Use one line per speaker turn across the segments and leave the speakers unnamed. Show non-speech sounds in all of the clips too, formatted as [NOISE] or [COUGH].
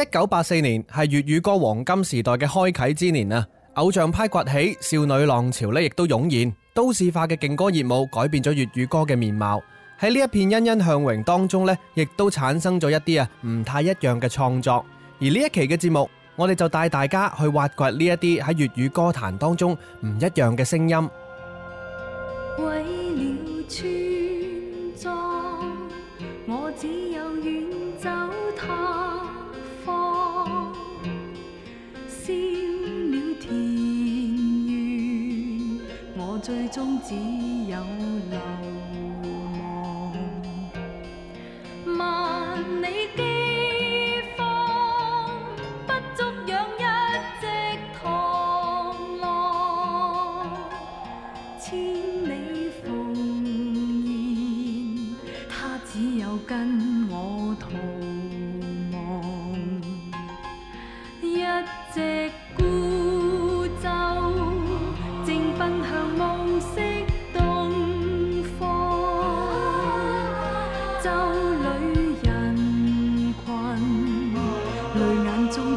一九八四年係粵語歌黃金時代嘅開啟之年啊！偶像派崛起，少女浪潮咧亦都湧現，都市化嘅勁歌熱舞改變咗粵語歌嘅面貌。喺呢一片欣欣向榮當中咧，亦都產生咗一啲啊唔太一樣嘅創作。而呢一期嘅節目，我哋就帶大家去挖掘，呢一啲喺粵語歌壇當中唔一樣嘅聲音。
為最終只有流亡，萬里。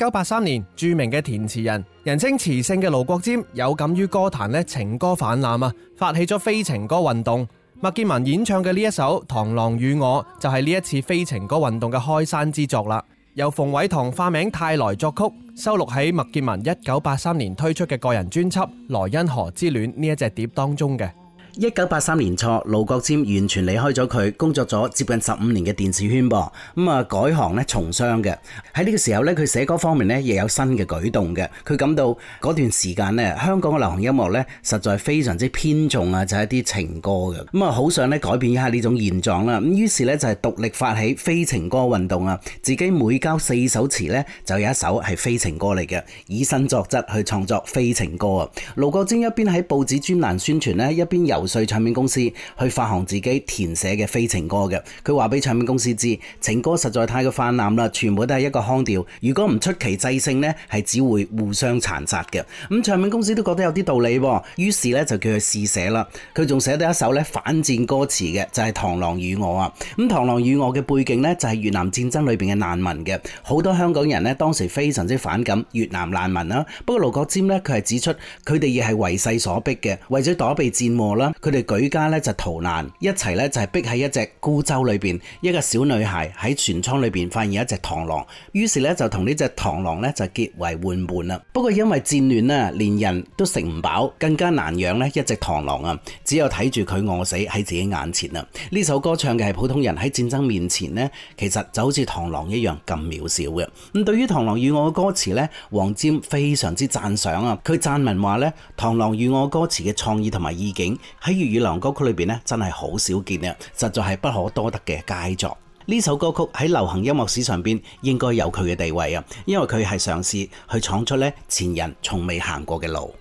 一九八三年，著名嘅填詞人、人稱詞聖嘅盧國沾有感於歌壇咧情歌氾濫啊，發起咗非情歌運動。麥潔文演唱嘅呢一首《螳螂與我》，就係呢一次非情歌運動嘅開山之作啦。由馮偉棠化名泰來作曲，收錄喺麥潔文一九八三年推出嘅個人專輯《萊茵河之戀》呢一
隻碟當中嘅。一九八三年初，盧國沾完全離開咗佢，工作咗接近十五年嘅電視圈噃。咁啊，改行咧從商嘅。喺呢個時候咧，佢寫歌方面咧，亦有新嘅舉動嘅。佢感到嗰段時間咧，香港嘅流行音樂咧，實在非常之偏重啊，就係一啲情歌嘅。咁啊，好想咧改變一下呢種現狀啦。咁於是咧，就係獨立發起非情歌運動啊。自己每交四首詞咧，就有一首係非情歌嚟嘅，以身作則去創作非情歌啊。盧國沾一邊喺報紙專欄宣傳咧，一邊由遊說唱片公司去發行自己填寫嘅非情歌嘅，佢話俾唱片公司知情歌實在太過泛濫啦，全部都係一個腔調，如果唔出奇制勝呢係只會互相殘殺嘅。咁、嗯、唱片公司都覺得有啲道理，於是咧就叫佢試寫啦。佢仲寫到一首咧反戰歌詞嘅，就係、是《螳螂與我》啊。咁、嗯，《螳螂與我》嘅背景呢，就係越南戰爭裏邊嘅難民嘅,好多香港人咧當時非常之反感越南難民啦。不過盧國沾呢，佢係指出，佢哋亦係為勢所逼嘅，為咗躲避戰禍啦。佢哋舉家咧就逃難，一齊咧就係逼喺一隻孤舟裏邊。一個小女孩喺船艙裏邊發現一隻螳螂，於是咧就同呢隻螳螂咧就結為玩伴啦。不過因為戰亂啊，連人都食唔飽，更加難養呢一隻螳螂啊，只有睇住佢餓死喺自己眼前啊。呢首歌唱嘅係普通人喺戰爭面前呢，其實就好似螳螂一樣咁渺小嘅。咁對於《螳螂與我》嘅歌詞呢，黃沾非常之讚賞啊！佢讚文話呢《螳螂與我》歌詞嘅創意同埋意境。喺粵語流行歌曲裏面真係好少見啊！實在係不可多得嘅佳作。呢首歌曲喺流行音樂史上面應該有佢嘅地位啊，因為佢係嘗試去闖出咧前人從未行過嘅路。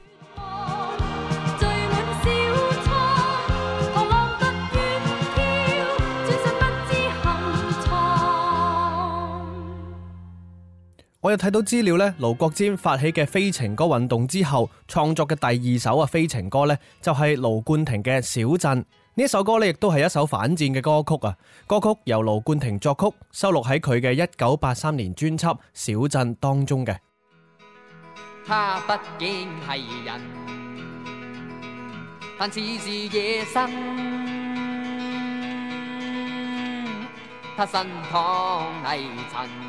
我又睇到資料咧，盧國沾發起嘅《非情歌》運動之後，創作嘅第二首啊《非情歌》咧，就係盧冠廷嘅《小鎮》呢一首歌咧，亦都係一首反戰嘅歌曲啊！歌曲由盧冠廷作曲，收錄喺佢嘅一九八三年專輯《小鎮》當中嘅。
他不竟係人，但似是夜深。」「他身淌泥塵。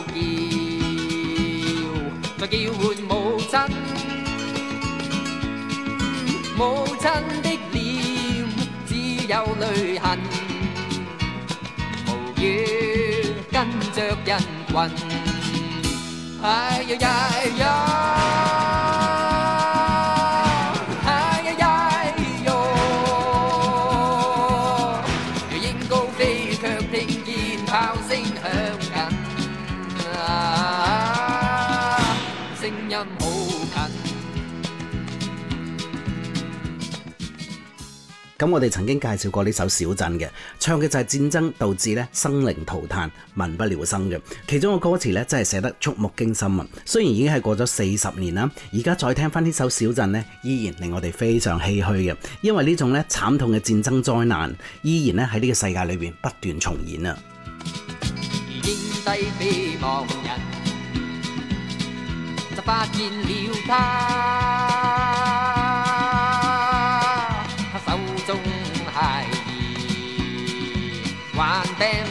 母親的臉只有淚痕，無語跟着人群。哎
咁我哋曾經介紹過呢首《小鎮》嘅，唱嘅就係、是、戰爭導致咧生靈塗炭、民不聊生嘅。其中嘅歌詞咧真係寫得觸目驚心啊！雖然已經係過咗四十年啦，而家再聽返呢首《小鎮》呢，依然令我哋非常唏噓嘅，因為呢種咧慘痛嘅戰爭災難依然咧喺呢個世界裏邊不斷重演啊！英
帝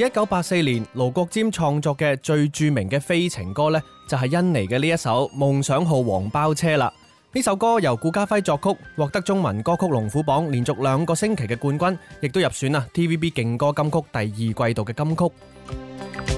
而一九八四年，盧國沾創作嘅最著名嘅非情歌呢，就係甄妮嘅呢一首《夢想號黃包車》啦。呢首歌由顧嘉輝作曲，獲得中文歌曲龍虎榜連續兩個星期嘅冠軍，亦都入選啦 TVB 勁歌金曲第二季度嘅金曲。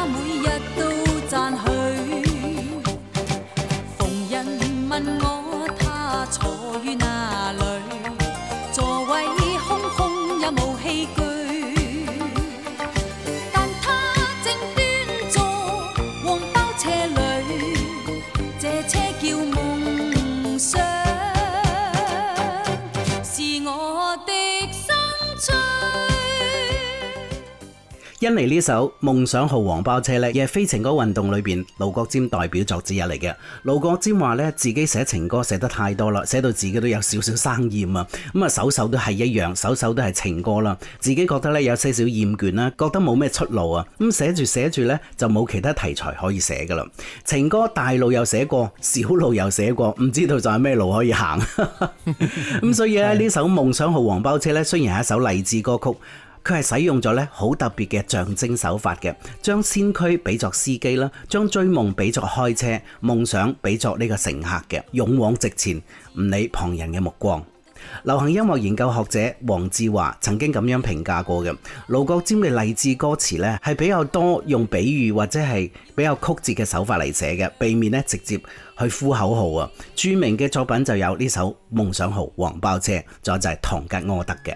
因嚟呢首《夢想號黃包車》呢，亦係非情歌運動裏邊，盧國沾代表作之一嚟嘅。盧國沾話呢，自己寫情歌寫得太多啦，寫到自己都有少少生厭啊。咁啊，首首都係一樣，首首都係情歌啦。自己覺得呢，有些少厭倦啦，覺得冇咩出路啊。咁寫住寫住呢，就冇其他題材可以寫噶啦。情歌大路又寫過，小路又寫過，唔知道仲有咩路可以行。咁 [LAUGHS] 所以咧，呢首《夢想號黃包車》呢，雖然係一首勵志歌曲。佢係使用咗咧好特別嘅象徵手法嘅，將先驅比作司機啦，將追夢比作開車，夢想比作呢個乘客嘅，勇往直前，唔理旁人嘅目光。流行音樂研究學者黃志華曾經咁樣評價過嘅，盧國沾嘅勵志歌詞呢，係比較多用比喻或者係比較曲折嘅手法嚟寫嘅，避免呢直接去呼口號啊。著名嘅作品就有呢首《夢想號黃包車》，仲有就係唐吉訶德嘅。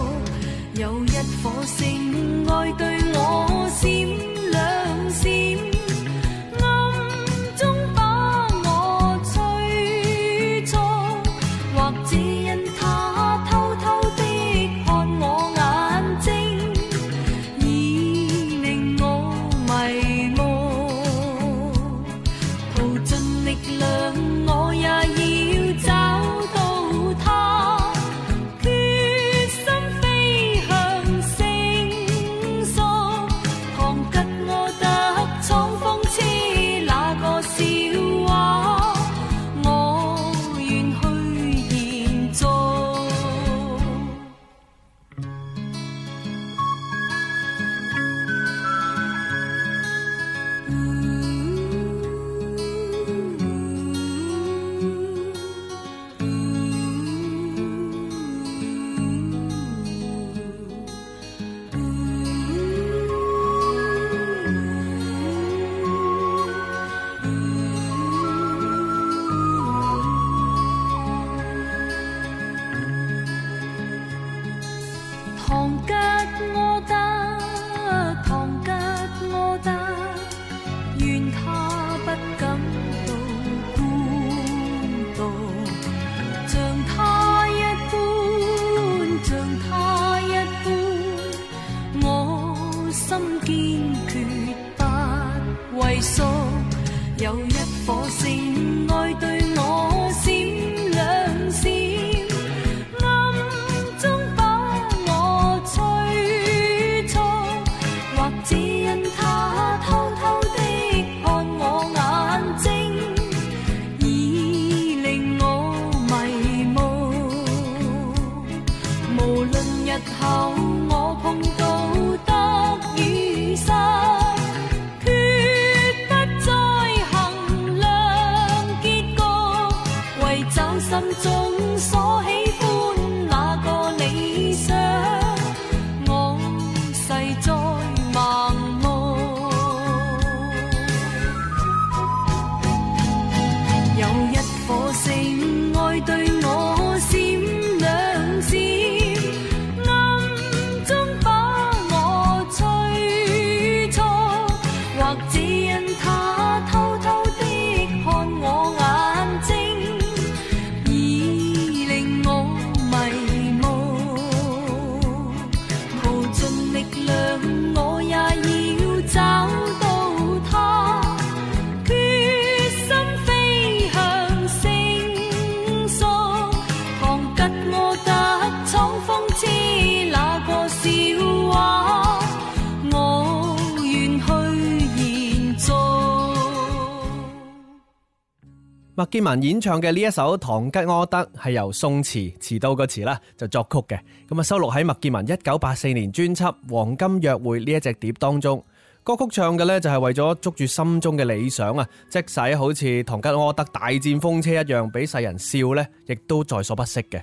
麥潔文演唱嘅呢一首《唐吉訶德》，係由宋詞詞到個詞啦，就作曲嘅。咁啊，收錄喺麥潔文一九八四年專輯《黃金約會》呢一隻碟當中。歌曲唱嘅呢，就係為咗捉住心中嘅理想啊，即使好似唐吉訶德大戰風車一樣，俾世人笑呢，亦都在所不惜嘅。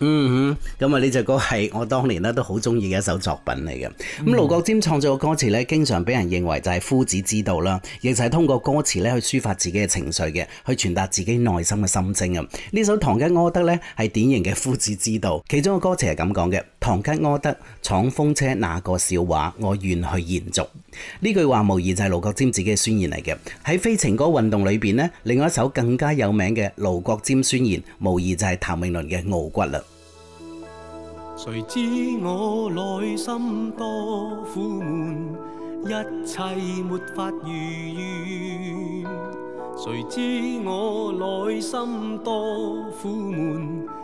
嗯哼，咁啊呢隻歌係我當年咧都好中意嘅一首作品嚟嘅。咁盧、嗯、哼國沾創作嘅歌詞咧，經常俾人認為就係、是、夫子之道啦，亦就係通過歌詞咧去抒發自己嘅情緒嘅，去傳達自己內心嘅心聲啊。呢首《唐吉訶德》咧係典型嘅夫子之道，其中嘅歌詞係咁講嘅。唐吉訶德闖風車，那個笑話我願去延續。呢句話無疑就係盧國沾自己嘅宣言嚟嘅。喺非情歌運動裏邊咧，另外一首更加有名嘅盧國沾宣言，無疑就係譚詠麟嘅《傲骨》啦。
誰知
我內心多苦悶，一切沒法如願，誰知我內心多苦悶。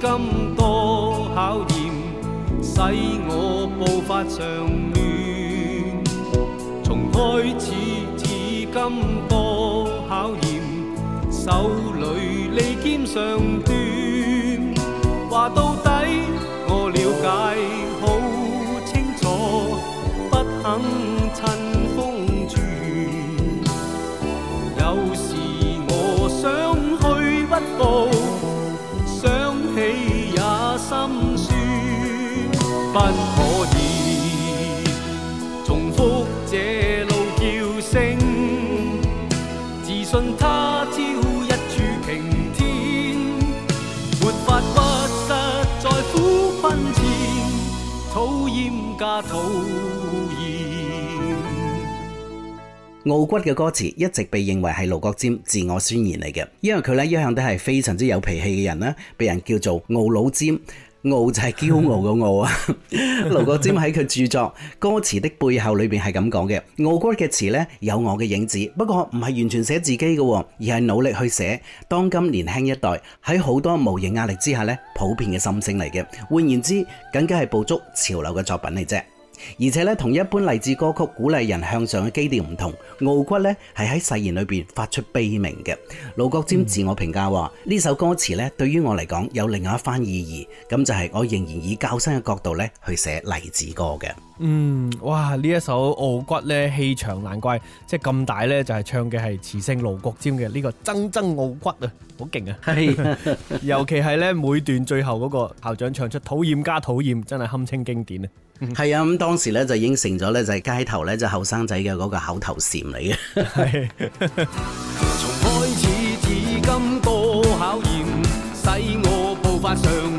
今多考驗使我步伐常亂。從開始至今多考驗，手裏利劍上端。不可以重複這路叫聲，自信他朝一柱擎天，沒法不實在苦困前，討厭加討厭。
傲骨嘅歌詞一直被認為係盧國沾自我宣言嚟嘅，因為佢咧一向都係非常之有脾氣嘅人啦，被人叫做傲老尖。就驕傲就係驕傲嘅傲啊！盧 [LAUGHS] 國沾喺佢著作《歌詞的背後裡面的》裏邊係咁講嘅：傲歌嘅詞咧有我嘅影子，不過唔係完全寫自己嘅，而係努力去寫。當今年輕一代喺好多無形壓力之下咧，普遍嘅心聲嚟嘅。換言之，更加係捕捉潮流嘅作品嚟啫。而且呢，同一般勵志歌曲鼓勵人向上嘅基調唔同，傲骨呢係喺誓言裏邊發出悲鳴嘅。盧國沾自我評價話：呢、嗯、首歌詞呢對於我嚟講有另外一番意義，咁就係我仍然以較新嘅角度呢去寫勵志歌嘅。
嗯，哇！呢一首傲骨咧，氣場難怪即係咁大咧，就係唱嘅係詞聖盧國沾嘅呢個《錚錚傲骨》啊，好勁啊！係，尤其係咧，每段最後嗰個校長唱出討厭加討厭，真係堪稱經典啊！
係啊，咁當時咧就已經成咗咧就係街頭咧就後生仔嘅嗰個口頭禪嚟
嘅。係。從開始至今多考驗，使我步伐上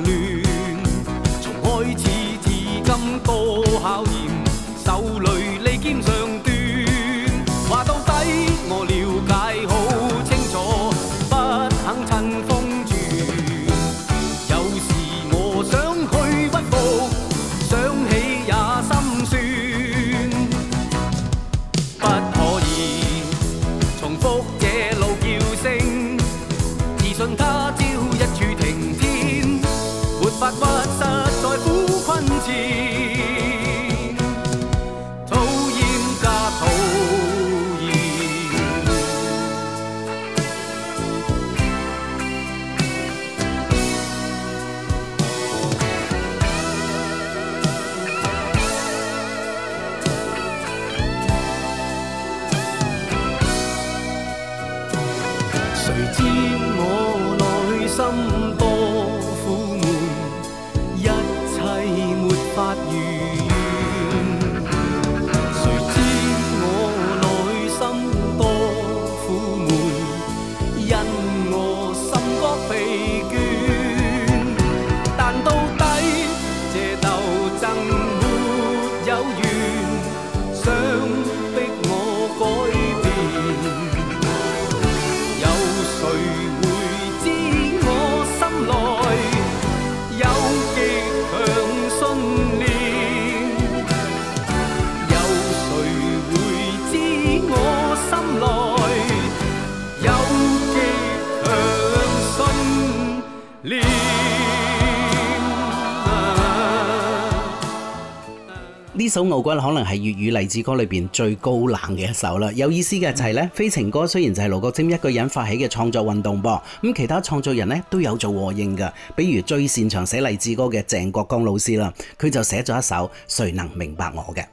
首《傲骨》可能係粵語勵志歌裏邊最高冷嘅一首啦。有意思嘅就係、是、呢，非、嗯、情歌雖然就係盧國沾一個人發起嘅創作運動噃，咁其他創作人呢都有做和應噶。比如最擅長寫勵志歌嘅鄭國江老師啦，佢就寫咗一首《誰能明白我》嘅。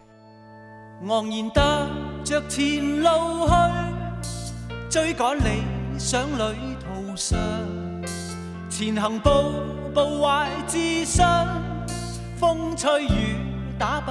昂然踏着前路去，追趕理想旅途上，前行步步懷自信，風吹雨打不。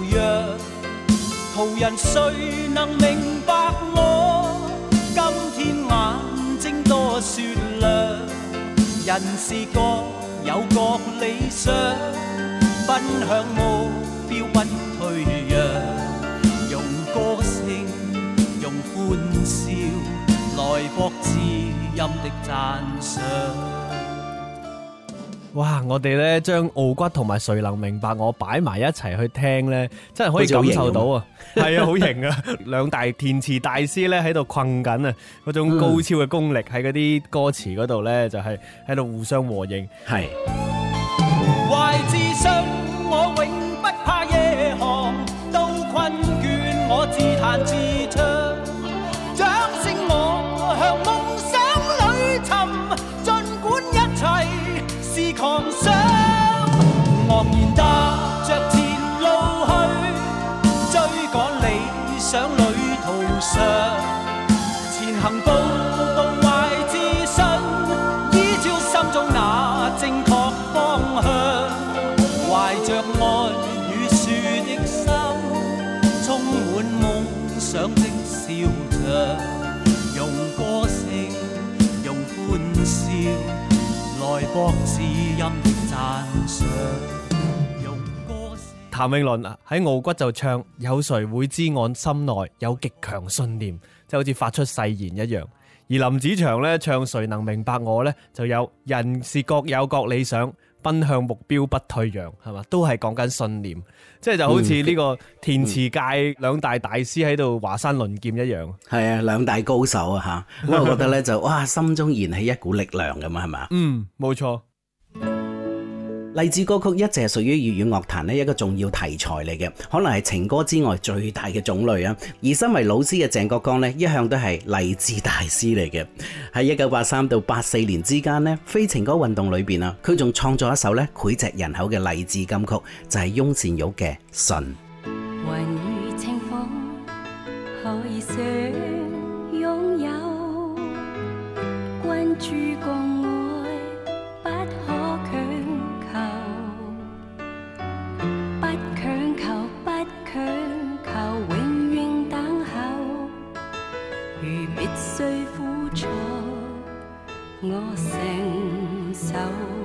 途人誰能明白我，今天眼睛多雪亮。人是各有各理想，奔向目標不退讓。用歌聲，用歡笑，來博知音的讚賞。
哇！我哋咧將傲骨同埋誰能明白我擺埋一齊去聽咧，真係可以感受到啊！係 [LAUGHS] 啊，好型啊！兩 [LAUGHS] 大填詞大師咧喺度困緊啊，種高超嘅功力喺啲歌詞度咧，就係喺度互相和應，係、
嗯。懷自信我永不怕夜航都困倦，我自彈。自。
譚詠麟喺傲骨就唱：有誰會知我心內有極強信念，即好似發出誓言一樣。而林子祥咧唱：誰能明白我咧？就有人是各有各理想。奔向目標不退讓，係嘛？都係講緊信念，即係就好似呢個填詞界兩大大師喺度華山論劍一樣。
係啊，嗯，嗯嗯，兩大高手啊嚇，咁 [LAUGHS] 我覺得咧就哇，心中燃起一股力量噶嘛，係咪啊？嗯，冇錯。勵志歌曲一直係屬於粵語樂壇呢一個重要題材嚟嘅，可能係情歌之外最大嘅種類啊！而身為老師嘅鄭國江呢，一向都係勵志大師嚟嘅。喺一九八三到八四年之間呢，非情歌運動裏邊啊，佢仲創作一首呢膾炙人口嘅勵志金曲，就係翁倩玉嘅《信》。
我承受。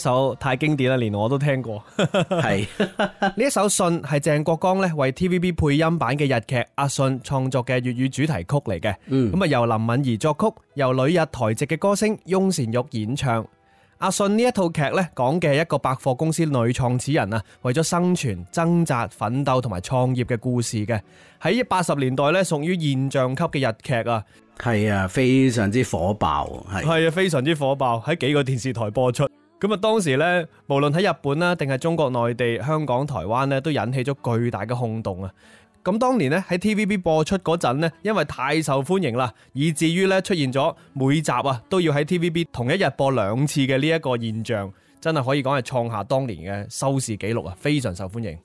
首太經典啦，連我都聽過。係 [LAUGHS] 呢 [LAUGHS] 一首《信》係鄭國江咧為 TVB 配音版嘅日劇《阿信》創作嘅粵語主題曲嚟嘅。嗯，咁啊由林敏怡作曲，由女日台籍嘅歌星翁倩玉演唱。阿信呢一套劇咧講嘅係一個百貨公司女創始人啊，為咗生存掙扎、奮鬥同埋創業嘅故事嘅。喺八十年代咧，屬於現象級嘅日劇啊。
係啊，非常之火爆。係
係啊，非常之火爆，喺幾個電視台播出。咁啊，當時咧，無論喺日本啦，定係中國內地、香港、台灣咧，都引起咗巨大嘅轟動啊！咁當年咧喺 TVB 播出嗰陣咧，因為太受歡迎啦，以至於咧出現咗每集啊都要喺 TVB 同一日播兩次嘅呢一個現象，真係可以講係創下當年嘅收視紀錄啊！非常受歡迎。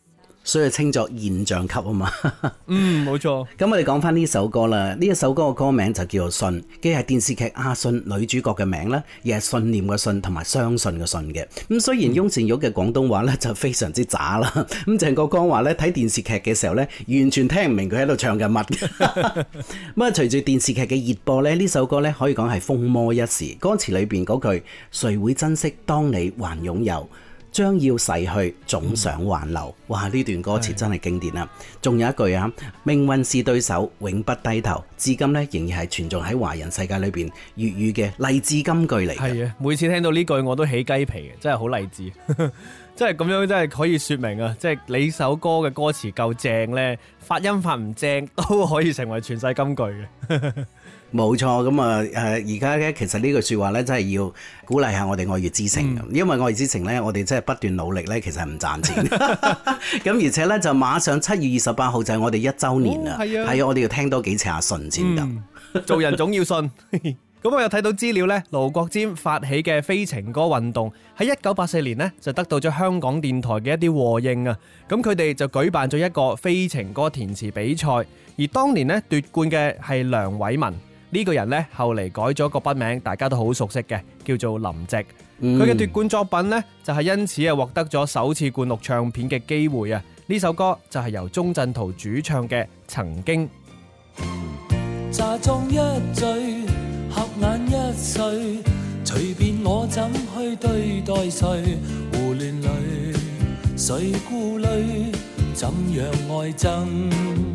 所以稱作現象級啊嘛， [LAUGHS] 嗯，冇錯。咁我哋講翻呢首歌啦，呢一首歌嘅歌名就叫做《信》，既係電視劇《阿信》女主角嘅名啦，亦係信念嘅信同埋相信嘅信嘅。咁雖然翁倩玉嘅廣東話呢就非常之渣啦，咁鄭國江話呢，睇電視劇嘅時候呢，完全聽唔明佢喺度唱緊乜。咁啊，隨住電視劇嘅熱播呢，呢首歌呢可以講係風魔一時。歌詞裏邊嗰句「誰會珍惜當你還擁有」。將要逝去，總想挽留。哇！呢段歌詞真係經典啦啊。仲的有一句啊，命運是對手，永不低頭。至今呢仍然係存在喺華人世界裏邊粵語嘅勵志金句嚟。係啊，
每次聽到呢句，我都起雞皮嘅，真係好勵志。 [LAUGHS] 真係咁樣，真係可以說明啊！即係你首歌嘅歌詞夠正呢，發音發唔正都可以成為傳世金句嘅。 [LAUGHS]
冇錯，咁啊誒，而家咧其實呢句説話咧，真係要鼓勵下我哋愛粵之城。嗯、因為愛粵之城呢，我哋真係不斷努力咧，其實係唔賺錢。咁 [LAUGHS] 而且咧，就馬上七月二十八號就係我哋一周年啦。係、哦、啊，係啊，我哋要聽多幾次阿信先得。做
人總要信。咁 [LAUGHS] [LAUGHS] 我有睇到資料呢，盧國沾發起嘅非情歌運動喺一九八四年呢，就得到咗香港電台嘅一啲和應啊。咁佢哋就舉辦咗一個非情歌填詞比賽，而當年呢，奪冠嘅係梁偉文。呢個人呢，後嚟改咗個筆名，大家都好熟悉嘅，叫做林夕。佢嘅、嗯、奪冠作品呢，就係、是、因此啊獲得咗首次灌錄唱片嘅機會啊！呢首歌就係由鍾鎮濤主唱嘅《曾經》。
假裝一醉，瞌眼一睡，隨便我怎去對待誰？胡亂裡，誰顧慮？怎樣愛憎？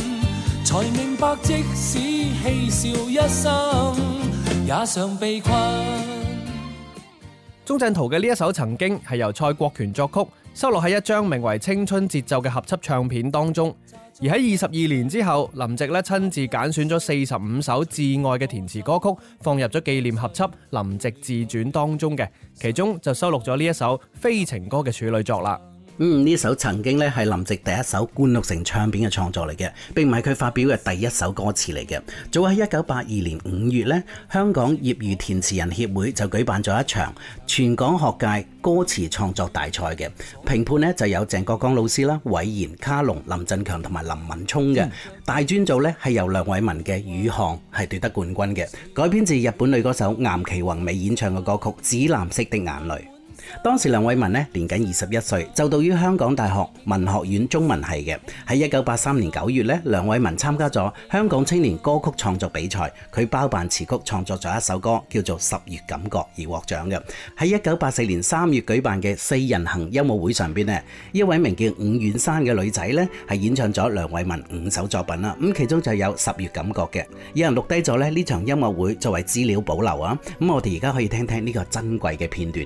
才明白，即使嬉笑一生，
也常被困。鍾鎮濤嘅呢一首《曾經》係由蔡國權作曲，收錄喺一張名為《青春節奏》嘅合輯唱片當中。而喺二十二年之後，林夕呢親自揀選咗四十五首至愛嘅填詞歌曲，放入咗紀念合輯《林夕自傳》當中嘅，其中就收錄咗呢一首
《非情歌》嘅處女作啦。嗯，呢首曾經咧係林夕第一首灌錄成唱片嘅創作嚟嘅，並唔係佢發表嘅第一首歌詞嚟嘅。早喺一九八二年五月呢香港業餘填詞人協會就舉辦咗一場全港學界歌詞創作大賽嘅評判呢，就有鄭國江老師啦、偉賢、卡龍、林振強同埋林文聰嘅大專組呢，係由梁偉文嘅《雨巷》係奪得冠軍嘅，改編自日本女歌手岩崎宏美演唱嘅歌曲《紫藍色的眼淚》。當時梁偉文咧年僅二十一歲，就讀於香港大學文學院中文系嘅。喺一九八三年九月咧，梁偉文參加咗香港青年歌曲創作比賽，佢包辦詞曲創作咗一首歌叫做《十月感覺》而獲獎嘅。喺一九八四年三月舉辦嘅四人行音樂會上邊咧，一位名叫伍婉珊嘅女仔咧係演唱咗梁偉文五首作品啦。咁其中就有《十月感覺》嘅，有人錄低咗咧呢場音樂會作為資料保留啊。咁我哋而家可以聽聽呢個珍貴嘅片段。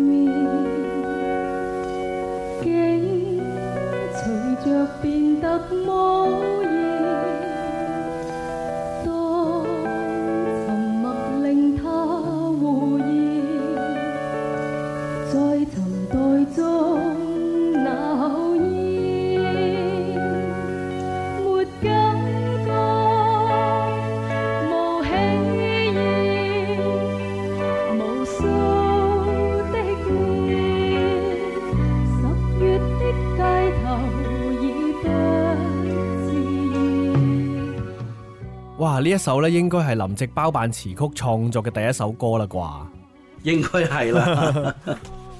呢一首咧，應該係林夕包辦詞曲創作
嘅第一首歌啦啩，應該係啦。.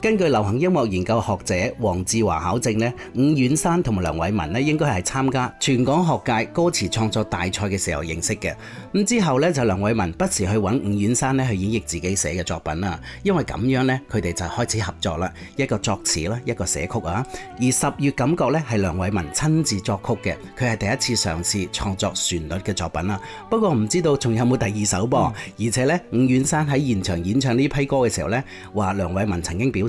根據流行音樂研究學者黃志華考證呢，伍婉珊同埋梁偉文咧，應該係參加全港學界歌詞創作大賽嘅時候認識嘅。咁之後呢，就梁偉文不時去揾伍婉珊咧，去演繹自己寫嘅作品啦。因為咁樣呢，佢哋就開始合作啦，一個作詞啦，一個寫曲啊。而《十月感覺》呢，係梁偉文親自作曲嘅，佢係第一次嘗試創作旋律嘅作品啦。不過唔知道仲有冇第二首噃？嗯。而且呢，伍婉珊喺現場演唱呢批歌嘅時候呢，話梁偉文曾經表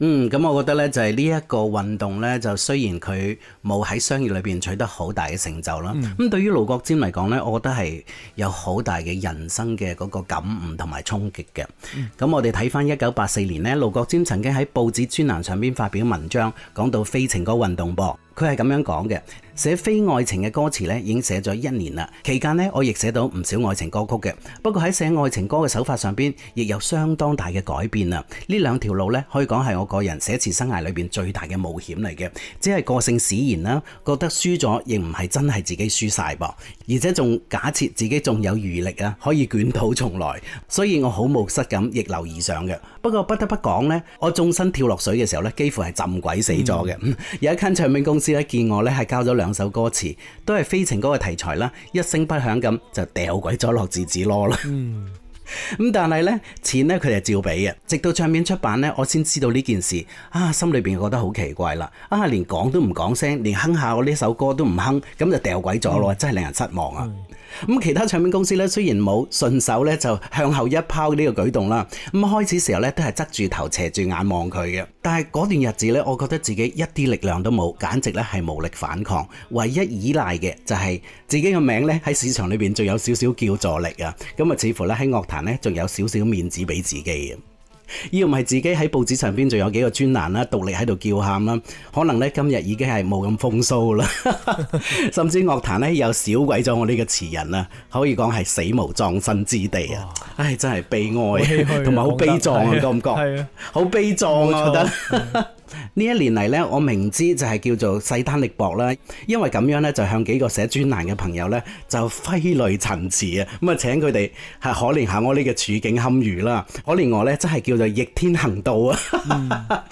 嗯，咁我覺得咧，就係呢一個運動咧，就雖然佢冇喺商業裏邊取得好大嘅成就啦。咁、嗯、對於盧國沾嚟講咧，我覺得係有好大嘅人生嘅嗰個感悟同埋衝擊嘅。咁、嗯、我哋睇翻一九八四年咧，盧國沾曾經喺報紙專欄上邊發表文章，講到非情歌運動噃。佢係咁樣講嘅，寫非愛情嘅歌詞呢，已經寫咗一年啦。期間呢，我亦寫到唔少愛情歌曲嘅。不過喺寫愛情歌嘅手法上邊，亦有相當大嘅改變啦。呢兩條路呢，可以講係我個人寫詞生涯裏邊最大嘅冒險嚟嘅。只係個性使然啦，覺得輸咗亦唔係真係自己輸晒噃，而且仲假設自己仲有餘力啊，可以捲土重來。所以我好無失咁逆流而上嘅。不過不得不講呢，我縱身跳落水嘅時候呢，幾乎係浸鬼死咗嘅。 [LAUGHS] 有一間唱片公司。知咧見我咧係交咗兩首歌詞，都係非情歌嘅題材啦，一聲不響咁就掉鬼咗落字紙籮啦。
咁
[LAUGHS] 但係呢，錢呢，佢哋係照俾嘅，直到唱片出版呢，我先知道呢件事。啊，心裏邊覺得好奇怪啦。啊，連講都唔講聲，連哼下我呢首歌都唔哼，咁就掉鬼咗咯，真係令人失望啊！咁其他唱片公司咧，雖然冇順手咧就向後一拋呢個舉動啦，咁開始時候咧都係側住頭斜住眼望佢嘅，但係嗰段日子咧，我覺得自己一啲力量都冇，簡直咧係無力反抗，唯一依賴嘅就係自己嘅名咧喺市場裏邊仲有少少叫座力啊，咁啊似乎咧喺樂壇咧仲有少少面子俾自己嘅。要唔係自己喺報紙上邊就有幾個專欄啦，獨力喺度叫喊啦，可能咧今日已經係冇咁風騷啦， [LAUGHS] 甚至樂壇咧又少鬼咗我呢個詞人啦，可以講係死無葬身之地啊！哇唉，真係悲哀，同埋好悲壯啊，覺唔覺？好悲壯，我覺得呢一年嚟咧，我明知就係叫做勢單力薄啦，因為咁樣咧就向幾個寫專欄嘅朋友咧就揮淚陳詞啊，咁啊請佢哋係可憐下我呢個處境堪輿啦，可憐我咧真係叫就逆天行道啊！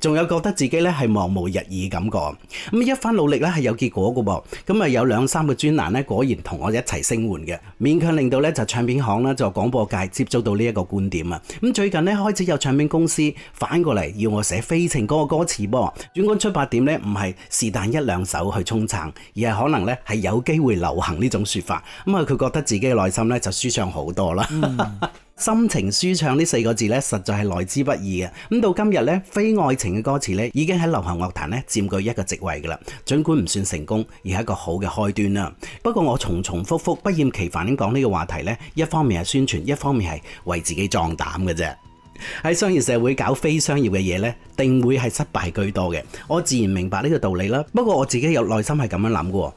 仲 [LAUGHS] 有覺得自己咧係茫無日意感覺，咁一番努力咧係有結果㗎喎。咁啊有兩三個專欄咧，果然同我一齊聲援嘅，勉強令到咧就唱片行啦，就廣播界接觸到呢一個觀點啊。咁最近咧開始有唱片公司反過嚟要我寫《非情歌》嘅歌詞噃。主要出發點咧唔係是但一兩首去衝撐，而係可能咧係有機會流行呢種說法。咁啊佢覺得自己嘅內心咧就舒暢好多啦。 [LAUGHS] 心情舒暢呢四個字呢，實在係來之不易嘅。咁到今日呢，非愛情嘅歌詞呢已經喺流行樂壇咧佔據一個席位噶啦。盡管唔算成功，而係一個好嘅開端啦。不過我重重複複不厭其煩咁講呢個話題呢，一方面係宣傳，一方面係為自己壯膽嘅啫。喺商業社會搞非商業嘅嘢呢，定會係失敗居多嘅。我自然明白呢個道理啦。不過我自己有內心係咁樣諗噶。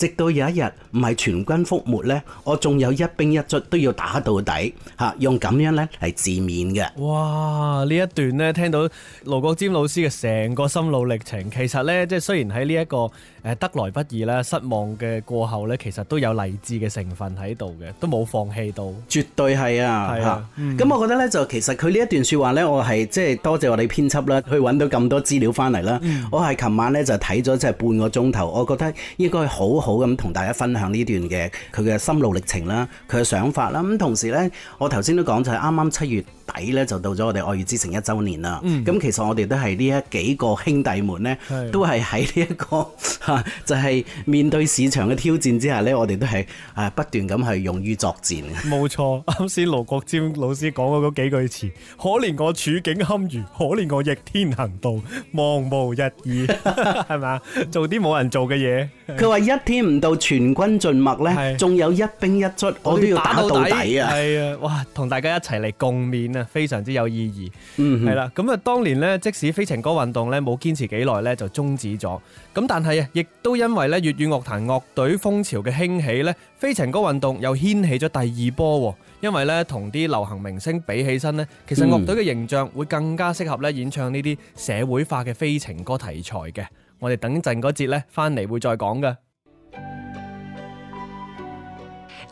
直到有一日唔係全軍覆沒呢，我仲有一兵一卒都要打到底嚇，用咁樣呢係自勉嘅。
哇！呢一段呢，聽到盧國沾老師嘅成個心路歷程，其實呢，即係雖然喺呢一個。誒得來不易啦，失望嘅過後咧，其實都有勵志嘅成分喺度嘅，都冇放棄到，
絕對係啊！係啊，咁我覺得呢，就、嗯嗯、其實佢呢一段説話呢，我係即係多謝我哋編輯啦，去揾到咁多資料翻嚟啦，嗯、我係琴晚呢，就睇咗即係半個鐘頭，我覺得應該好好咁同大家分享呢段嘅佢嘅心路歷程啦，佢嘅想法啦，咁同時呢，我頭先都講就係啱啱七月。底咧就到咗我哋愛粵之城一周年啦。咁、嗯、其實我哋都係呢一幾個兄弟們呢是的、這個，都係喺呢一個吓，就係、是、面對市場嘅挑戰之下呢，我哋都係啊不斷咁係勇於作戰錯。
冇錯，啱先盧國沾老師講嗰嗰幾句詞，可憐我處境堪如，可憐我逆天行道，望無日意，
係嘛？做啲冇人做嘅嘢。佢話 [LAUGHS] 一天唔到全軍盡墨呢，仲有一兵一卒，我都要打到底啊！係啊，
哇，同、呃呃、大家一齊嚟共勉啊！非常之有意義，係啦、嗯哼。咁啊，當年咧，即使非情歌運動咧冇堅持幾耐咧，就終止咗。咁但係啊，亦都因為咧粵語樂壇樂隊風潮嘅興起咧，非情歌運動又掀起咗第二波。因為咧，同啲流行明星比起身咧，其實樂隊嘅形象會更加適合咧演唱呢啲社會化嘅非情歌題材嘅。我哋等
陣嗰節咧翻嚟會再講嘅。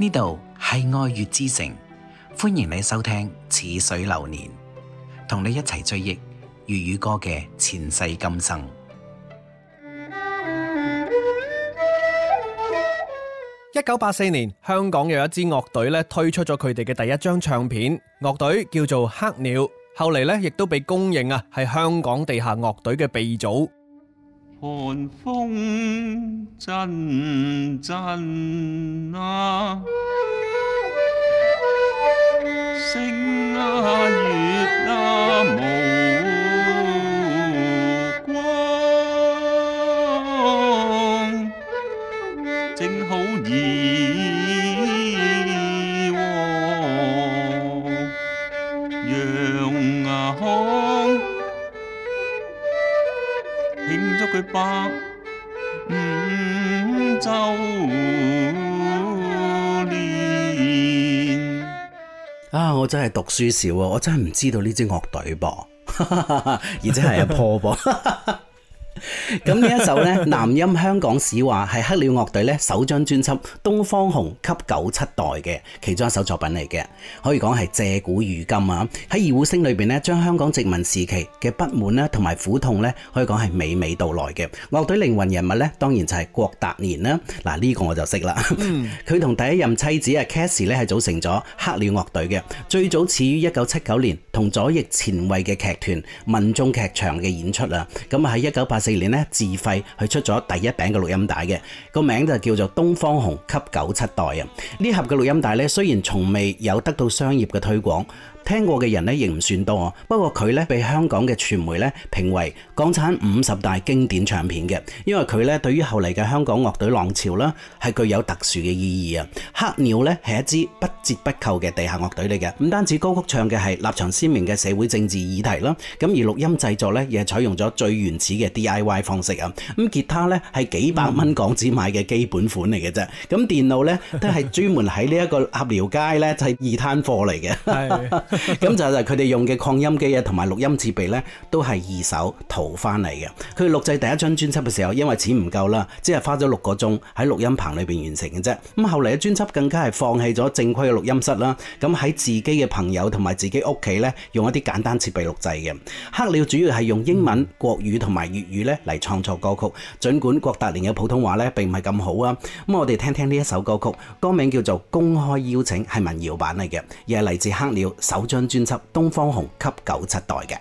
呢度係愛粵之城。歡迎你收聽《似水流年》，同你一齊追憶粵語歌嘅前世今生。
一九八四年，香港有一支樂隊咧推出咗佢哋嘅第一張唱片，樂隊叫做黑鳥，後嚟咧亦都被公認啊係香港地下樂隊嘅鼻祖。
寒風陣陣
啊！星啊月啊
無光，正好二黃，揚啊空慶祝佢百
五週。啊！我真係讀書少啊，我真係唔知道呢支樂隊噃，哈哈哈，而且係阿破噃。
咁呢一首呢，《南
音香港史話》係黑鳥樂隊呢首張專輯《東方紅》給九七代嘅其中一首作品嚟嘅，可以講係借古喻今啊！喺二胡聲裏邊呢，將香港殖民時期嘅不滿咧同埋苦痛呢，可以講係娓娓道來嘅。樂隊靈魂人物呢，當然就係郭達年啦。嗱、這、呢個我就識啦，佢同、嗯、第一任妻子啊 Cassie 咧係組成咗黑鳥樂隊嘅，最早始於一九七九年同左翼前衛嘅劇團民眾劇場嘅演出啦。咁啊喺一九八四年咧，自費去出咗第一餅嘅錄音帶嘅，個名就叫做《東方紅給九七代》啊！呢盒嘅錄音帶咧，雖然從未有得到商業嘅推廣。聽過嘅人咧，仍唔算多。啊。不過佢咧被香港嘅傳媒咧評為港產五十大經典唱片嘅，因為佢咧對於後嚟嘅香港樂隊浪潮啦，係具有特殊嘅意義啊。黑鳥咧係一支不折不扣嘅地下樂隊嚟嘅，唔單止歌曲唱嘅係立場鮮明嘅社會政治議題啦，咁而錄音製作咧亦係採用咗最原始嘅 DIY 方式啊。咁吉他咧係幾百蚊港紙買嘅基本款嚟嘅啫，咁、嗯、電腦咧都係專門喺呢一個合寮街咧就係二攤貨嚟嘅。 [LAUGHS] 咁就係佢哋用嘅擴音機啊，同埋錄音設備呢，都係二手淘翻嚟嘅。佢錄製第一張專輯嘅時候，因為錢唔夠啦，只係花咗六個鐘喺錄音棚裏邊完成嘅啫。咁後嚟嘅專輯更加係放棄咗正規嘅錄音室啦，咁喺自己嘅朋友同埋自己屋企呢，用一啲簡單設備錄製嘅。黑鳥主要係用英文、國語同埋粵語咧嚟創作歌曲，儘管郭達年嘅普通話呢，並唔係咁好啊。咁我哋聽聽呢一首歌曲，歌名叫做《公開邀請》，係民謠版嚟嘅，而係嚟自黑鳥首。將專輯《東方紅》給九七代嘅。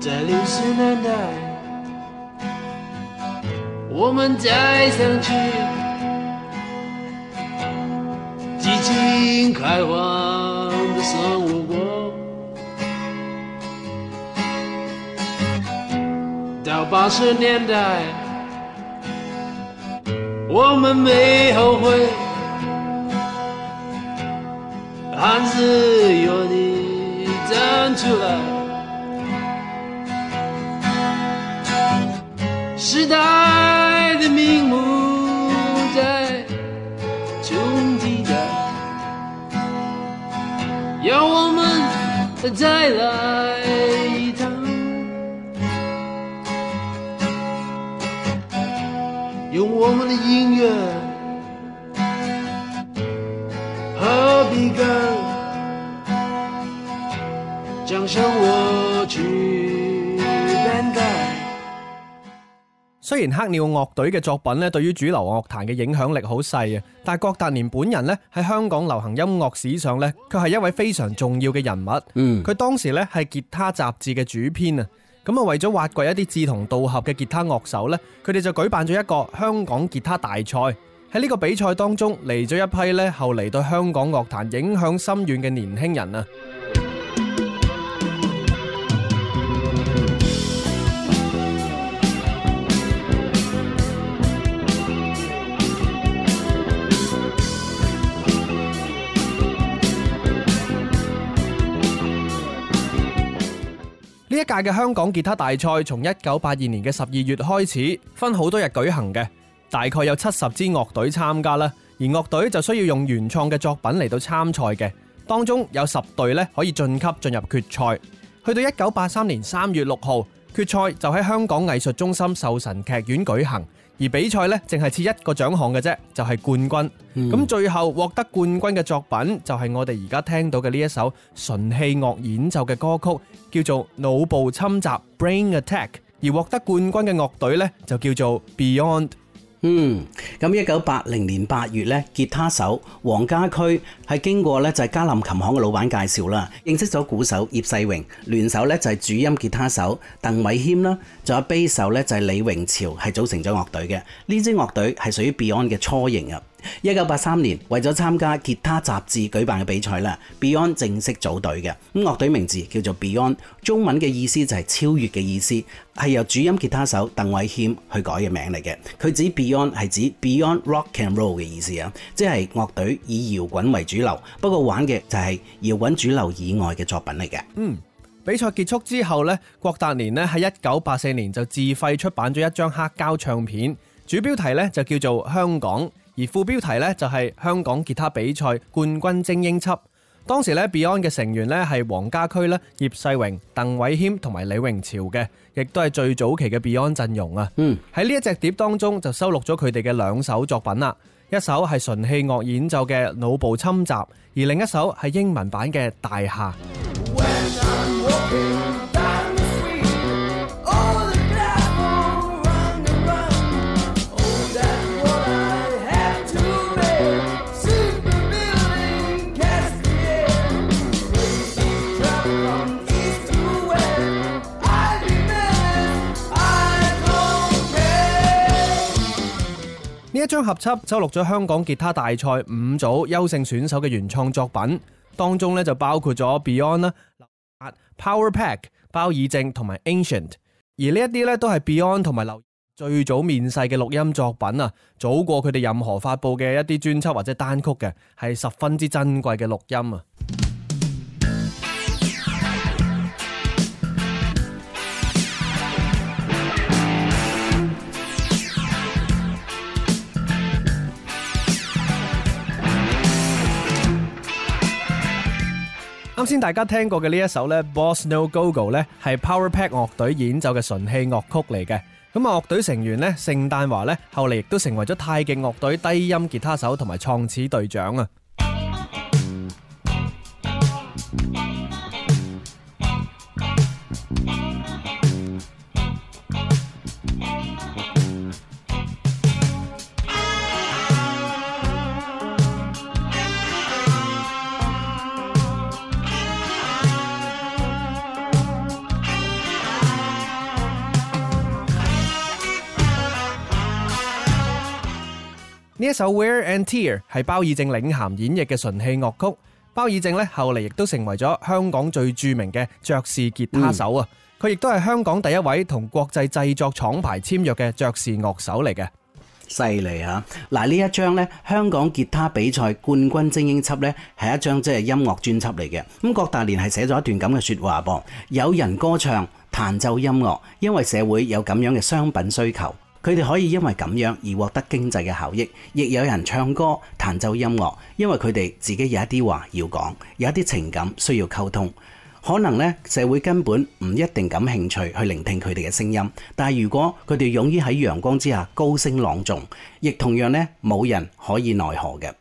在六十
年代，我
們在一起，
激情開放的生活過，到八十年代，我們沒後悔。漢子由你站出來，時代的名目在衝擊着，要我們再來一趟，用我們的音樂。
雖然黑鳥樂隊嘅作品咧，對於主流樂壇嘅影響力好細啊，但係郭達年本人咧，喺香港流行音樂史上咧，卻係一位非常重要嘅人物。嗯，佢當時咧係吉他雜誌嘅主編啊，咁啊為咗挖掘一啲志同道合嘅吉他樂手咧，佢哋就舉辦咗一個香港吉他大賽。喺呢個比賽當中嚟咗一批咧，後嚟對香港樂壇影響深遠嘅年輕人啊！呢 [MUSIC] 一屆嘅香港吉他大賽從一九八二年嘅十二月開始，分好多日舉行嘅。大概有七十支樂隊參加啦，而樂隊就需要用原創嘅作品嚟到參賽嘅。當中有十隊咧可以晉級進入決賽。去到一九八三年三月六號，決賽就喺香港藝術中心壽臣劇院舉行。而比賽咧淨係設一個獎項嘅啫，就係、是、冠軍。咁、嗯、最後獲得冠軍嘅作品就係我哋而家聽到嘅呢一首純器樂演奏嘅歌曲，叫做《腦部侵襲 （Brain Attack）》。而獲得冠軍嘅樂隊咧就叫做
Beyond。嗯，咁一九八零年八月咧，吉他手黃家駒係經過咧就係嘉林琴行嘅老闆介紹啦，認識咗鼓手葉世榮，聯手咧就係主音吉他手鄧偉謙啦，仲有貝手咧就係李榮潮，係組成咗樂隊嘅。呢支樂隊係屬於 Beyond 嘅雛形啊。一九八三年，為咗參加吉他雜誌舉辦嘅比賽啦，Beyond 正式組隊嘅。咁樂隊名字叫做 Beyond，中文嘅意思就係超越嘅意思，係由主音吉他手鄧偉謙去改嘅名嚟嘅。佢指 Beyond 係指 Beyond Rock and Roll 嘅意思啊，即係樂隊以搖滾為主流，不過玩嘅就係搖滾主流以外嘅作品嚟嘅。嗯，比賽
結束之後呢，郭達年呢喺一九八四年就自費出版咗一張黑膠唱片，主標題呢就叫做《香港》。而副標題呢，就係香港吉他比賽冠軍精英輯，當時咧 Beyond 嘅成員呢，係黃家駒咧、葉世榮、鄧偉謙同埋李榮潮嘅，亦都係最早期嘅 Beyond 陣容啊。嗯。喺呢一隻碟當中就收錄咗佢哋嘅兩首作品啦，一首係純器樂演奏嘅《腦部侵襲》，而另一首係英文版嘅《大廈》。一張合輯收錄咗香港吉他大賽五組優勝選手嘅原創作品，當中咧就包括咗 Beyond 啦、Power Pack、包以正同埋 Ancient，而呢一啲咧都係 Beyond 同埋劉最早面世嘅錄音作品啊，早過佢哋任何發佈嘅一啲專輯或者單曲嘅，係十分之珍貴嘅錄音啊。首先大家聽過嘅呢一首咧《Boss No Go Go》咧，係 Power Pack 樂隊演奏嘅純器樂曲嚟嘅。咁啊樂隊成員咧，盛旦華咧，後嚟亦都成為咗太極樂隊低音吉他手同埋創始隊長啊！一首《Wear N' Tear》係包以正領銜演繹嘅純器樂曲。包以正咧，後嚟亦都成為咗香港最著名嘅爵士吉他手啊！佢亦都係香港第一位同國際製作廠牌簽約嘅爵士樂手
嚟嘅，犀利吓！嗱，呢一張咧，香港吉他比賽冠軍精英輯咧係一張即係音樂專輯嚟嘅。咁郭達年係寫咗一段咁嘅說話噃：有人歌唱、彈奏音樂，因為社會有咁樣嘅商品需求。佢哋可以因為咁樣而獲得經濟嘅效益，亦有人唱歌彈奏音樂，因為佢哋自己有一啲話要講，有一啲情感需要溝通。可能呢，社會根本唔一定感興趣去聆聽佢哋嘅聲音，但係如果佢哋勇於喺陽光之下高聲朗誦，亦同樣呢，冇人可以奈何嘅。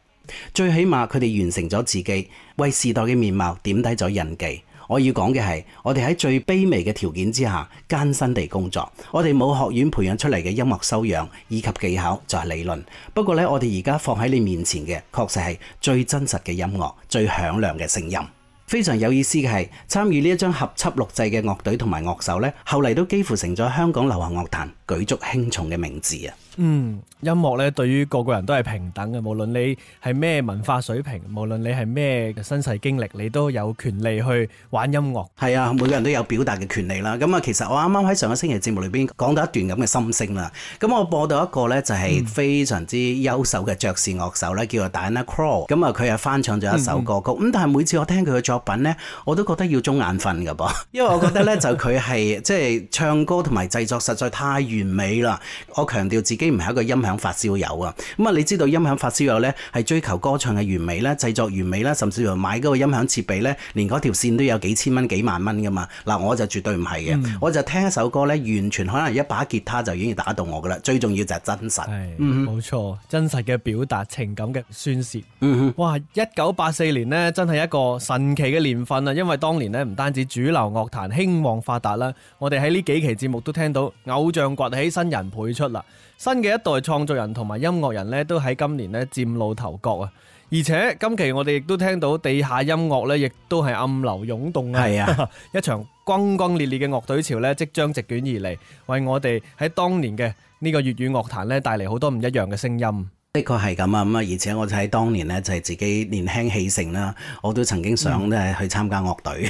最起碼佢哋完成咗自己，為時代嘅面貌點低咗印記。我要講嘅係，我哋喺最卑微嘅條件之下，艱辛地工作。我哋冇學院培養出嚟嘅音樂修養以及技巧，就係理論。不過咧，我哋而家放喺你面前嘅，確實係最真實嘅音樂，最響亮嘅聲音。非常有意思嘅係，參與呢一張合輯錄製嘅樂隊同埋樂手咧，後嚟都幾乎成咗香港流行樂壇舉足輕重嘅名字啊！
嗯，音樂，咧對於個個人都係平等嘅，無論你係咩文化水平，無論你係咩身世經歷，你都有權利去玩音樂。
係啊，每個人都有表達嘅權利啦。咁啊，其實我啱啱喺上個星期節目裏邊講到一段咁嘅心聲啦。咁我播到一個咧，就係非常之優秀嘅爵士樂手咧，嗯、叫做 Diana Krall，咁啊佢又翻唱咗一首歌曲。咁、嗯嗯、但係每次我聽佢嘅作品咧，我都覺得要中眼瞓㗎噃，因為我覺得咧，就佢係即係唱歌同埋製作實在太完美啦。我強調自既唔係一個音響發燒友啊，咁啊，你知道音響發燒友呢係追求歌唱嘅完美啦、製作完美啦，甚至乎買嗰個音響設備呢，連嗰條線都有幾千蚊、幾萬蚊噶嘛。嗱，我就絕對唔係嘅，嗯、我就聽一首歌呢，完全可能一把吉他就已經打動我噶啦。最重要就係真實，
冇是、嗯、錯，真實嘅表達情感嘅宣泄。嗯、哇！一九八四年呢，真係一個神奇嘅年份啊，因為當年呢，唔單止主流樂壇興旺發達啦，我哋喺呢幾期節目都聽到偶像崛起，新人輩出啦。新嘅一代創作人同埋音樂人咧，都喺今年咧佔露頭角啊！而且今期我哋亦都聽到地下音樂咧，亦都係暗流湧動啊！係啊，一場轟轟烈烈嘅樂隊潮咧，即將席捲而嚟，為我哋喺當年嘅呢個粵語樂壇
咧，帶嚟好多唔一樣嘅聲音。的確係咁啊，咁啊，而且我喺當年咧就係自己年輕氣盛啦，我都曾經想咧去參加樂隊，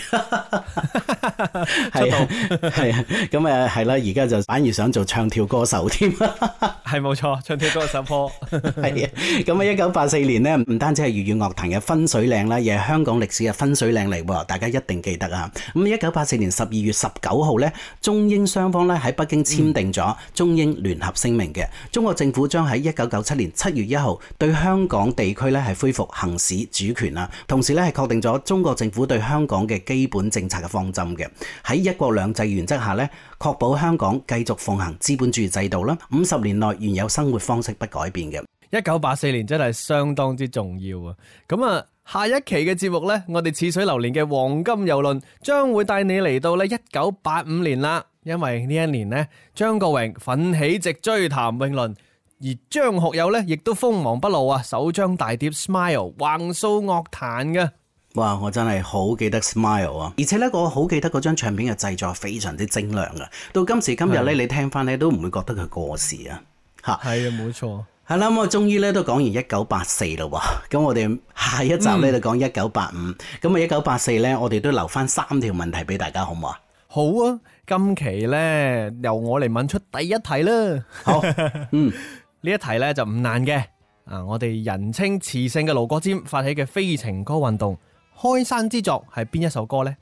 係啊 [LAUGHS] 出道， [LAUGHS] 係啊，咁啊係啦，而家就反而想做唱跳歌手添，
係冇錯，唱跳歌手波，
係啊，咁啊，一九八四年咧唔單止係粵語樂壇嘅分水嶺啦，亦係香港歷史嘅分水嶺嚟，大家一定記得啊。咁一九八四年十二月十九號咧，中英雙方咧喺北京簽訂咗中英聯合聲明嘅，嗯、中國政府將喺一九九七年七七月一號對香港地區咧係恢復行使主權啦，同時咧係確定咗中國政府對香港嘅基本政策嘅方針嘅，喺一國兩制原則下呢確保香港繼續奉行資本主義制度啦，五十年內原有生活方式不改變嘅。一
九八四年真係相當之重要啊！咁啊，下一期嘅節目呢，我哋似水流年嘅黃金遊輪將會帶你嚟到呢一九八五年啦，因為呢一年呢，張國榮奮起直追譚詠麟。而張學友咧，亦都鋒芒不露啊！首張大碟《Smile》橫掃樂
壇嘅。哇，我真係好記得《Smile》啊！而且咧，我好記得嗰張唱片嘅製作非常之精良啊。到今時今日咧，的你聽翻咧都唔會覺得佢過時啊！
吓，係啊，冇錯。
係啦，咁啊，終於咧都講完一九八四啦喎。咁我哋下一集咧就講一九八五。咁啊、嗯，一九八四咧，我哋都留翻三條問題俾大家，好唔
好啊？好啊！今期咧，由我嚟問出第一題啦。 [LAUGHS] 好，嗯。呢一題咧就唔難嘅，啊！我哋人稱詞聖嘅盧國沾發起嘅《非情歌》運動開山之作係邊一首歌呢？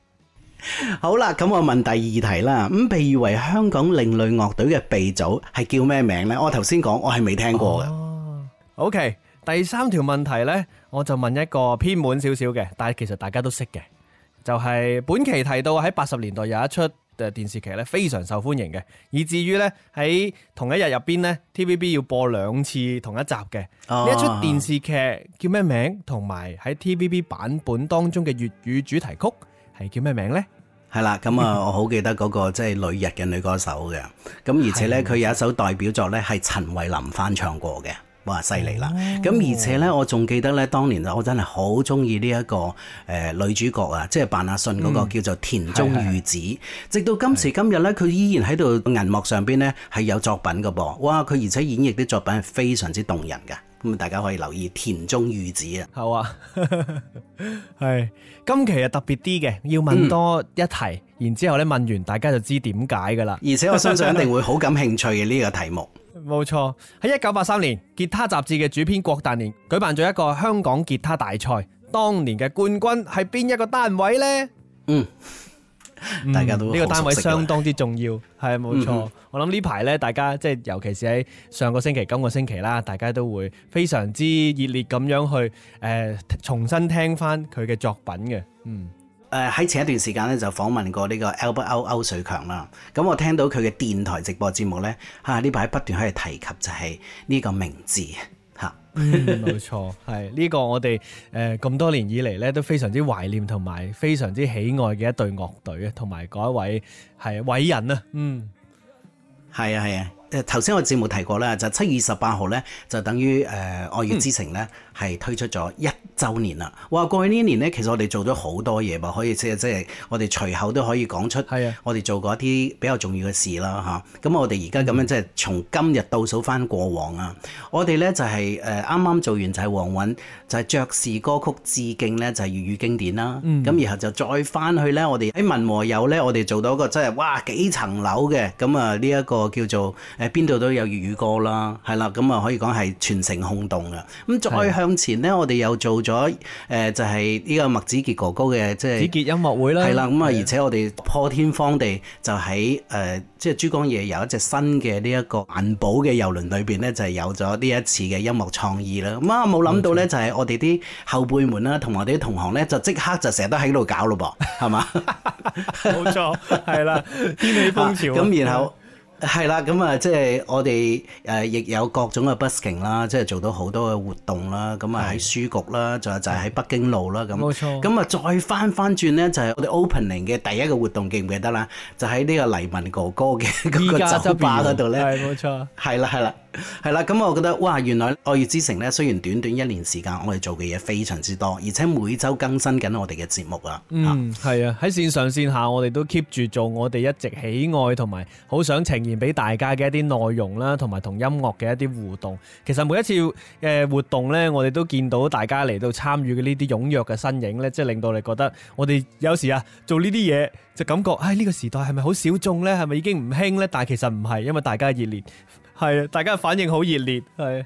好啦，咁我問第二題啦。咁、嗯、被譽為香港另類樂隊嘅鼻祖係叫咩名呢？我頭先講我係未聽過嘅。
哦、o、okay, K，第三條問題呢，我就問一個偏滿少少嘅，但係其實大家都識嘅，就係、是、本期提到喺八十年代有一出嘅電視劇咧非常受歡迎嘅，以至於咧喺同一日入邊咧，TVB 要播兩次同一集嘅。呢、哦、一出電視劇叫咩名？同埋喺 TVB 版本當中嘅粵語主題曲係叫咩名呢？
係啦，咁啊，我好記得嗰個即係旅日嘅女歌手嘅。咁 [LAUGHS] 而且咧，佢有一首代表作咧係陳慧琳翻唱過嘅。哇！犀利啦！咁、哦、而且咧，我仲記得咧，當年我真係好中意呢一個誒、呃、女主角啊，即係扮阿信嗰、那個、嗯、叫做田中裕子。直到今時今日咧，佢的依然喺度銀幕上邊咧係有作品嘅噃。哇！佢而且演繹啲作品係非常之動人嘅。咁大家可以留意田中裕子啊。好啊，
係 [LAUGHS] 今期係特別啲嘅，要問多一題，嗯、然之後咧問完大家就知點解嘅啦。而且我相信一定會
好感興趣嘅呢 [LAUGHS] 個題目。
冇錯，喺一九八三年，《吉他雜誌》嘅主編郭達年舉辦咗一個香港吉他大賽，當年嘅冠軍係邊一個單位呢？
嗯，嗯，大家都呢個單位相當
之重要，係冇錯。錯，嗯、我諗呢排呢，大家即係尤其是喺上個星期，今個星期啦，大家都會非常之熱烈咁樣去誒、呃，重新
聽翻佢嘅作品嘅。嗯。誒喺、呃、前一段時間咧，就訪問過呢個 Albert 歐水強啦。咁、嗯、我聽到佢嘅電台直播節目呢，嚇呢排不斷喺度提及就係呢個名字嚇。冇、啊嗯、
錯，係呢、 [LAUGHS] 這個我哋誒咁多年以嚟咧都非常之懷念同埋非常之喜愛嘅一隊樂隊啊，同埋嗰一位
係偉人啊。嗯，係啊係啊。誒頭先我節目提過啦，就七、是、月十八號呢，就等於誒、呃、愛、呃、粵之城呢。嗯係推出咗一周年啦！哇，過去呢一年咧，其實我哋做咗好多嘢噃，可以即係即係我哋隨口都可以講出。係啊，我哋做過一啲比較重要嘅事啦，嚇。咁啊，我哋而家咁樣，嗯，即係從今日倒數翻過往啊，我哋咧就係誒啱啱做完就係黃韻，就係爵士歌曲致敬咧，就係粵語經典啦。嗯。咁然後就再翻去咧，我哋喺文和友咧，我哋做到一個即係哇幾層樓嘅咁啊呢一個叫做誒邊度都有粵語歌啦，係啦，咁啊可以講係全城轟動啊。咁再向前咧，我哋又做咗誒、呃，就係、是、呢個麥子傑哥哥嘅，即、就、係、是、子傑音樂會啦。係啦，咁、嗯、啊，而且我哋破天荒地就喺誒，即、呃、係、就是、珠江夜遊一隻新嘅呢一個環保嘅遊輪裏邊咧，就係、是、有咗呢一次嘅音樂創意啦。咁、嗯、啊，冇諗到咧，就係、是、我哋啲後輩們啦、啊，同我哋啲同行咧，就即刻就成日都喺度搞咯噃，係嘛？
冇 [LAUGHS] 錯，係啦， [LAUGHS] 天氣風潮咁、啊 [LAUGHS] 啊，然後。
係啦，咁啊，即係我哋誒亦有各種嘅 busking 啦，即係做到好多嘅活動啦，咁啊喺書局啦，仲有就係喺北京路啦，咁。冇錯。咁啊，再翻翻轉咧，就係我哋 opening 嘅第一個活動，記唔記得啦？就喺呢個黎明哥哥嘅嗰個酒吧嗰度咧，係
冇錯。
係啦，係啦，係啦。咁我覺得哇，原來愛粵之城咧，雖然短短一年時間，我哋做嘅嘢非常之多，而且每週更新緊我哋嘅節目啊。
嗯，係啊，喺線上線下，我哋都 keep 住做我哋一直喜愛同埋好想呈現俾大家嘅一啲內容啦，同埋同音樂嘅一啲互動。其實每一次誒活動咧，我哋都見到大家嚟到參與嘅呢啲踴躍嘅身影咧，即係令到你覺得我哋有時啊做呢啲嘢就感覺，唉呢個時代係咪好小眾咧？係咪已經唔興咧？但其實唔係，因為大家熱烈，係啊，大家反應好熱烈，係。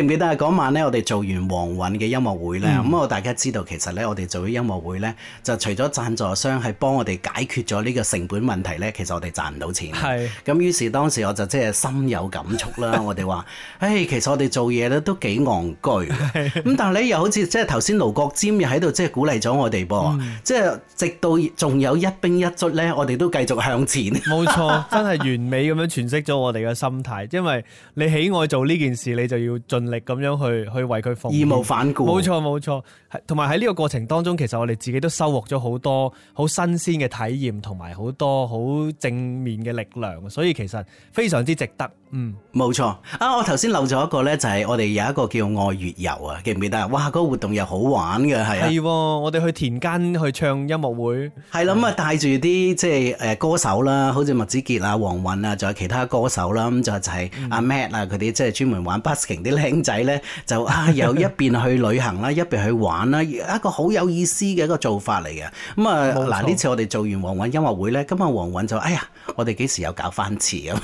記唔記得啊？嗰晚咧，我哋做完黃韻嘅音樂會咧，咁我、嗯、大家知道其實咧，我哋做咗音樂會咧，就除咗贊助商係幫我哋解決咗呢個成本問題咧，其實我哋賺唔到錢。係。咁於是當時我就即係深有感觸啦。 [LAUGHS] 我哋話，誒、哎，其實我哋做嘢咧都幾戇居。」咁是的 但係咧，又好似即係頭先盧國沾又喺度即係鼓勵咗我哋噃，嗯、即係直到仲有一兵一卒咧，我哋都繼續向前。冇錯， [LAUGHS]
真係完美咁樣詮釋咗我哋嘅心態，因為你喜愛做呢件事，你就要盡。力咁樣去去為佢服務，義無反顧，冇錯冇錯，同埋喺呢個過程當中，其實我哋自己都收穫咗好多好新鮮嘅體驗，同埋好多好正面嘅力量，所以其實非常之值得。嗯，
冇錯啊！我頭先漏咗一個咧，就係我哋有一個叫愛粵遊啊，記唔記得啊？哇，嗰、那個活動又好玩嘅，係啊，係、
啊、我哋去田間去唱音樂會，
係啦、啊，咁啊帶住啲即係誒歌手啦，好似麥子杰啊、黃韻啊，仲有其他歌手啦，咁就、啊嗯、Matt，就係阿 Matt 啊，佢啲即係專門玩 busking 啲僆仔咧，就啊又一邊去旅行啦， [LAUGHS] 一邊去玩啦，一個好有意思嘅一個做法嚟嘅。咁、嗯嗯、錯啊嗱，呢次我哋做完黃韻音樂會咧，咁啊黃韻就哎呀、呃哎呃，我哋幾時有搞翻次啊？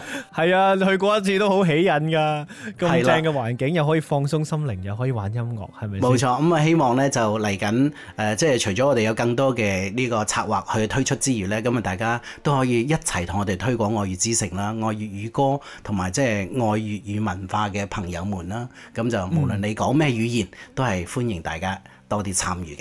[LAUGHS] 係啊，去過一次都好起
癮噶，咁靚嘅環境的又可以放鬆心靈，又可以玩音樂，係咪？冇錯，咁啊
希望咧就嚟緊誒，即、呃、係除咗我哋有更多嘅呢個策劃去推出之馀咧，咁啊大家都可以一齊同我哋推廣愛粵之城啦，愛粵語歌同埋即係愛粵語文化嘅朋友們啦，咁就無論你講咩語言，嗯、都係歡迎大家多啲參與嘅。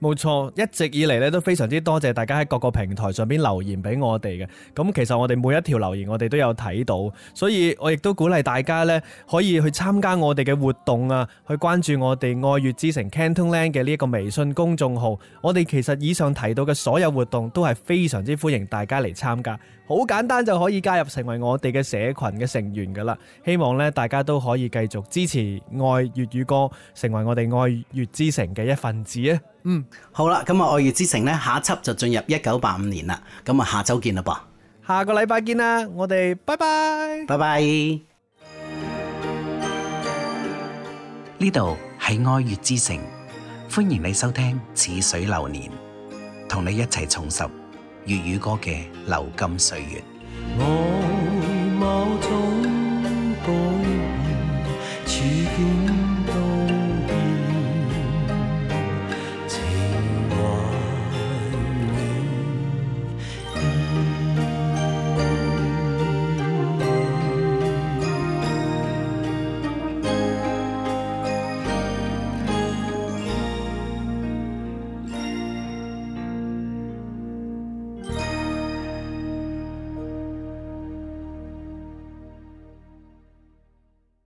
冇錯，一直以嚟咧都非常之多謝大家喺各個平台上邊留言俾我哋嘅。咁其實我哋每一條留言我哋都有睇到，所以我亦都鼓勵大家咧可以去參加我哋嘅活動啊，去關注我哋愛粵之城 CantonLand 嘅呢個微信公眾號。我哋其實以上提到嘅所有活動都係非常之歡迎大家嚟參加。好簡單就可以加入成為我哋嘅社群嘅成員噶啦，希望咧大家都可以繼續支持愛粵語歌，成為我哋愛粵之
城嘅一份子啊！嗯，好啦，咁啊愛粵之城呢，下一輯就進入一九八五年啦，咁啊下周見啦噃，
下個禮拜見啦，我哋拜拜，
拜拜 bye。呢度係愛粵之城，歡迎你收聽《似水流年》，同你一齊重拾。粵語歌嘅流金歲月。